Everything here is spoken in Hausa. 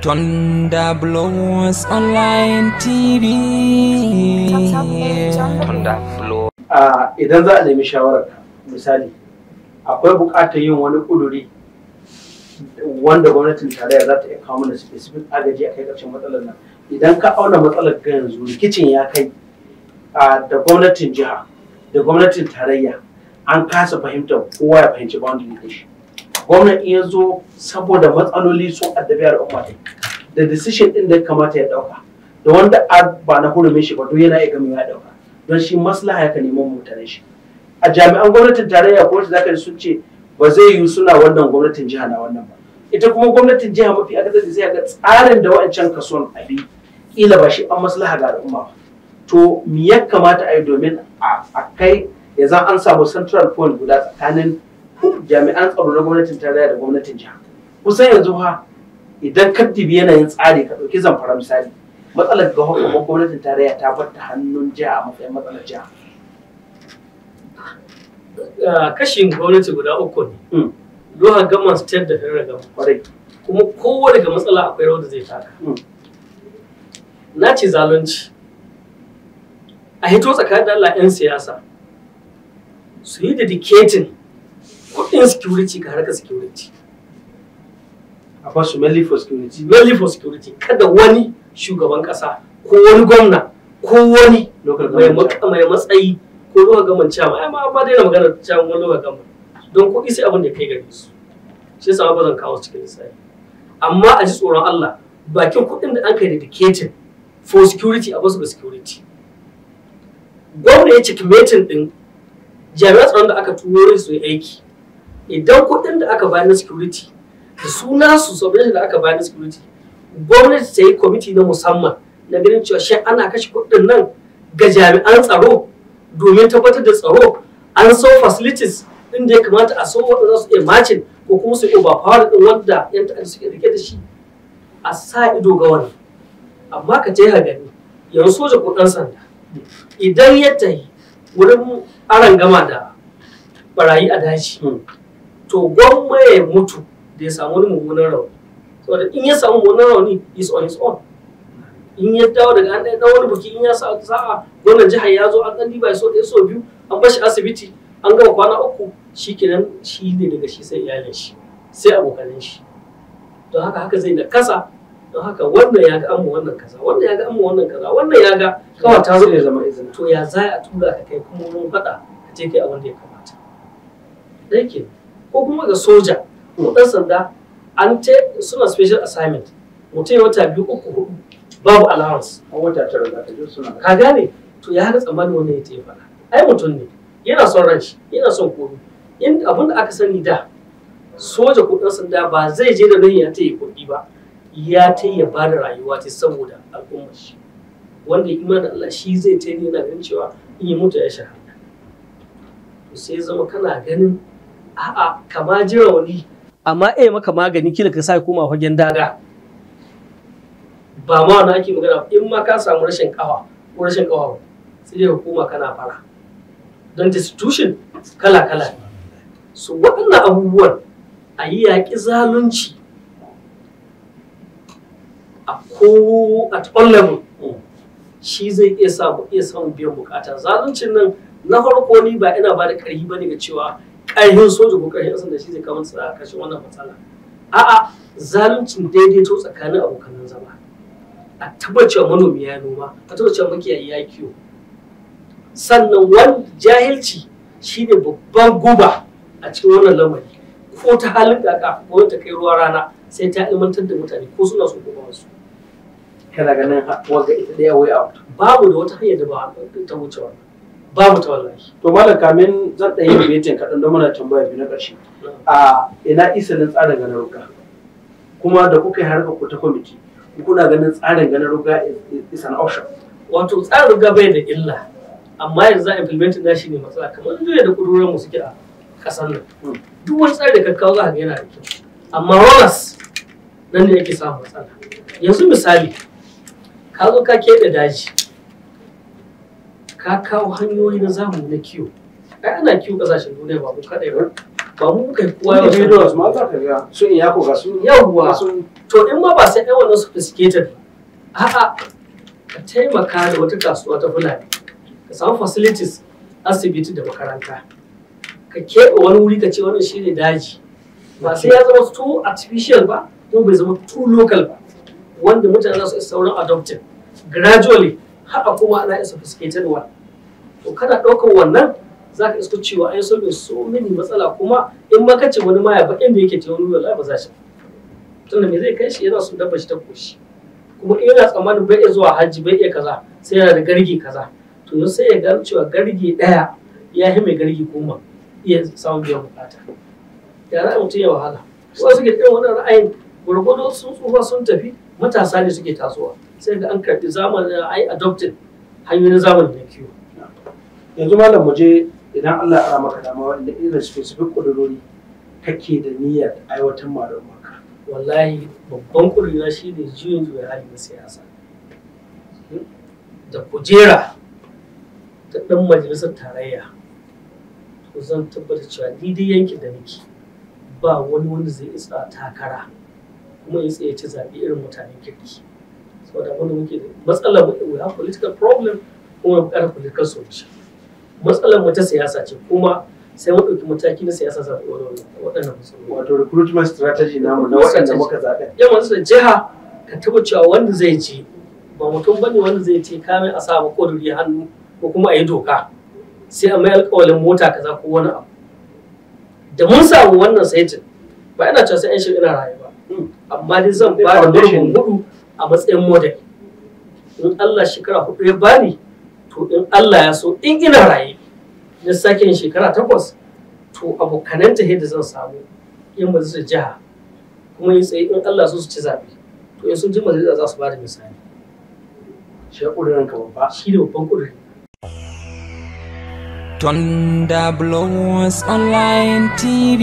Tonda Blows Online TV. Idan za a nemi shawarar misali, akwai buƙatar yin wani ƙuduri wanda gwamnatin tarayya za ta iya kawo mana specific agaji a kai ƙarshen matsalar nan. Idan ka auna matsalar ga yanzu rikicin ya kai da gwamnatin jiha da gwamnatin tarayya an kasa fahimtar kowa ya fahimci boundary shi. gwamnati ya zo saboda matsaloli sun addabi al'umma ne da decision din da ya kamata ya dauka da wanda ba na hurumin shi ba to yana iya gami ya dauka don shi maslaha ya neman mutane shi a jami'an gwamnatin tarayya ko zaka sun ce ba zai yiwu suna wannan gwamnatin jiha na wannan ba ita kuma gwamnatin jiha mafi akasari sai ga tsarin da wa'ancan kason abi kila ba shi an maslaha ga al'umma ba to me ya kamata a yi domin a kai ya zan an samu central point guda tsakanin jami'an tsaro na gwamnatin tarayya da gwamnatin jiha kusan yanzu ha idan ka dibi yanayin tsari ka ɗauki zamfara misali matsalar ga hukumar gwamnatin tarayya ta bar ta hannun jiha a matsayin matsalar jiha ah, kashin gwamnati guda uku ne hmm. lohan gaman state da federal kwarai kuma kowa daga matsala akwai rawar da zai taka hmm. na ce zalunci a hito tsakanin da Allah 'yan siyasa su yi dedicating kuɗin security ka harkar security a ba su mainly for security mainly for security kada wani shugaban ƙasa ko wani gwamna ko wani mai matsayi ko ruwa gaman cama ai ma ba daina magana cama wani ruwa gaman don kuɗi sai abin da kai gare su shi yasa ba zan kawo cikin lissafi amma a ji tsoron Allah bakin kuɗin da an kai dedicated for security a basu ga security gwamna ya ciki metin din jami'an tsaron da aka turo su aiki idan kuɗin da aka bani na security da suna su subvention da aka bani security gwamnati ta yi kwamiti na musamman na ganin cewa shi ana kashe kuɗin nan ga jami'an tsaro domin tabbatar da tsaro an so facilities din da ya kamata a so wanda za su iya macin ko kuma su overpower din wanda yan ta'adda suke rike da shi a sa ido ga wani amma ka je gani yanzu soja ko ɗan sanda idan ya tahi wurin arangama da barayi a daji hmm. to gwamma ya mutu da ya samu wani mummunan rauni saboda in ya samu mummunan rauni is on his own in ya dawo daga an ɗan wani buki in ya sa sa'a gwamnan jihar ya zo an ɗan diba so ɗaya so biyu an bashi asibiti an gama kwana uku shi kenan shi ne daga shi sai iyalin shi sai abokanin shi don haka haka zai da kasa don haka wannan ya ga an wannan kaza wannan ya ga an wannan kaza wannan ya ga kawai ta zai zama izin to ya za a tura ka kai kuma mun faɗa ka je kai abin da ya kamata dai ko kuma ga soja ko ɗan sanda an ce suna special assignment mutum ya wata biyu uku hudu babu allowance a wata tara da ka suna ka gane to ya ga tsammanin wani ya tafi faɗa ai mutum ne yana son ran shi yana son kudi in abin da aka sani da soja ko ɗan sanda ba zai je da nan ya ta yi kuɗi ba ya ta ya ba da rayuwa ta saboda al'ummar shi wanda imanin Allah shi zai ta yana ganin cewa in yi mutu ya shahada to sai zama kana ganin a'a kama ji rauni amma eh maka magani kila ka sa koma fagen daga ba ma wani ake magana in ma ka samu rashin kawa ko rashin kawa sai dai hukuma kana fara don destitution kala kala su waɗannan abubuwan a yi yaƙi zalunci a ko at all level shi zai iya samu iya samun biyan bukata zaluncin nan na farko ni ba ina ba da ba ne ga cewa ƙarfin soja ko ƙarfin sanda shi zai kawo a kashe wannan matsala a'a zaluncin daidaito tsakanin abokan zama a tabbacewa manomi ya noma a tabbacewa makiyayi ya kiwo sannan wani jahilci shine babban guba a cikin wannan lamari ko ta halin da aka ko ta kai ruwa rana sai ta ilmantar da mutane ko suna so ko ba su kana ganin wanda ita daya way out babu da wata hanyar da ba ta wuce wannan babu ta wallahi to malam kamin zan ɗaya yin biyatin kaɗan don muna tambaya biyu na ƙarshe a ina isanin tsarin ganin ruga kuma da kuka yi harkar ku ta kwamiti kuna ganin tsarin ganin ruga is an option wato tsarin ruga bai da illa amma yanzu za a implementing na shi ne matsala kamar duniya da kudurorin mu suke a ƙasar nan hmm. duk wani tsari da kakkawa za ka ga yana da kyau amma rollers nan ne yake samun matsala yanzu misali ka zo ka keɓe daji ka kawo hanyoyi na zamu na kiwo ai ana kiwo kasashen duniya ba mu kadai ba ba mu kai kowa yau sai su ma za ka ga su in yako ga su yawwa to in ma ba sai ai wannan a'a ka taimaka da wata kasuwa ta fulani ka samu facilities asibiti da makaranta ka keɓe wani wuri ka ce wannan shine daji ba sai ya zama too artificial ba ko bai zama too local ba wanda mutane za su sauran adopting gradually haɗa kuma ana yin sophisticated to kana ɗaukar wannan za ka isko cewa an so so mini matsala kuma in ma kace wani maya ba da yake ta wani wallahi ba za shi tunda me zai kai shi yana so dabba shi ta koshi kuma in yana tsammanin bai iya zuwa hajji bai iya kaza sai yana da gargi kaza to yau sai ya ga cewa gargi ɗaya ya yi mai gargi goma iya samun biyan bukata ya za mutum ya wahala wasu suke irin wannan ra'ayin gwargwado sun tsufa sun tafi matasa ne suke tasowa sai ga an karbi zamanin ai adopted hanyoyin zamanin na kiwo yanzu malam mu je idan Allah ya maka dama wanda irin specific kudurori kake da niyyar aiwatar ma da maka wallahi babban kudurina ne juyin zuwa hali na siyasa da kujera ta ɗan majalisar tarayya to zan tabbata cewa ni dai da nake ba wani wanda zai isa takara kuma ya tsaye ci zaɓi irin mutanen kirki saboda abin da muke da matsalar mu we have political problem kuma mu ƙara political solution matsalar mu ta siyasa ce kuma sai mu ɗauki mataki na siyasa sa waɗannan matsaloli wato recruitment strategy namu na waɗanda muka zaɓa yawan su jiha ka taɓa cewa wanda zai ci ba mutum bane wanda zai ce kamin a sa koduri hannu ko kuma a yi doka sai a mai alƙawalin mota kaza ko wani abu da mun samu wannan saitin ba ina cewa sai 'yan shirin ina rayuwa hmm. amma dai zan ba da gurbin gudu a matsayin model in Allah shekara hudu ya bani to in Allah ya so in ina raye na sake yin shekara takwas to abokanan ta yadda zan samu ba majalisar jiha kuma yi tsaye in Allah so su ci zaɓe to in sun ji majalisa za su ba da misali shi ƙudurin ka babba shi da babban ƙudurin Thunder Blows Online TV.